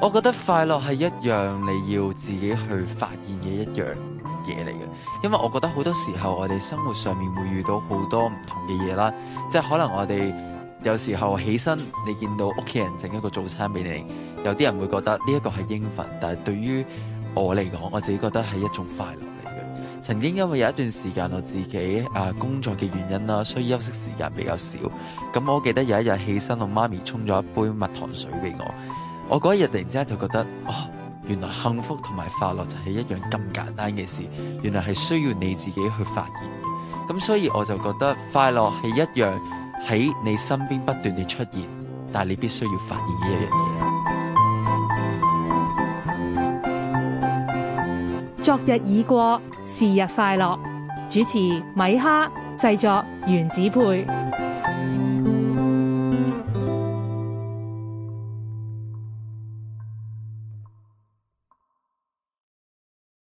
我覺得快樂係一樣你要自己去發現嘅一樣嘢嚟嘅，因為我覺得好多時候我哋生活上面會遇到好多唔同嘅嘢啦，即係可能我哋有時候起身，你見到屋企人整一個早餐俾你，有啲人會覺得呢一個係應份，但係對於我嚟講，我自己覺得係一種快樂嚟嘅。曾經因為有一段時間我自己啊工作嘅原因啦，所以休息時間比較少，咁我記得有一日起身，我媽咪沖咗一杯蜜糖水俾我。我嗰一日突然之間就覺得，哦，原來幸福同埋快樂就係一樣咁簡單嘅事，原來係需要你自己去發現嘅。咁所以我就覺得快樂係一樣喺你身邊不斷地出現，但係你必須要發現呢一樣嘢。昨日已過，是日快樂。主持米哈，製作原子配。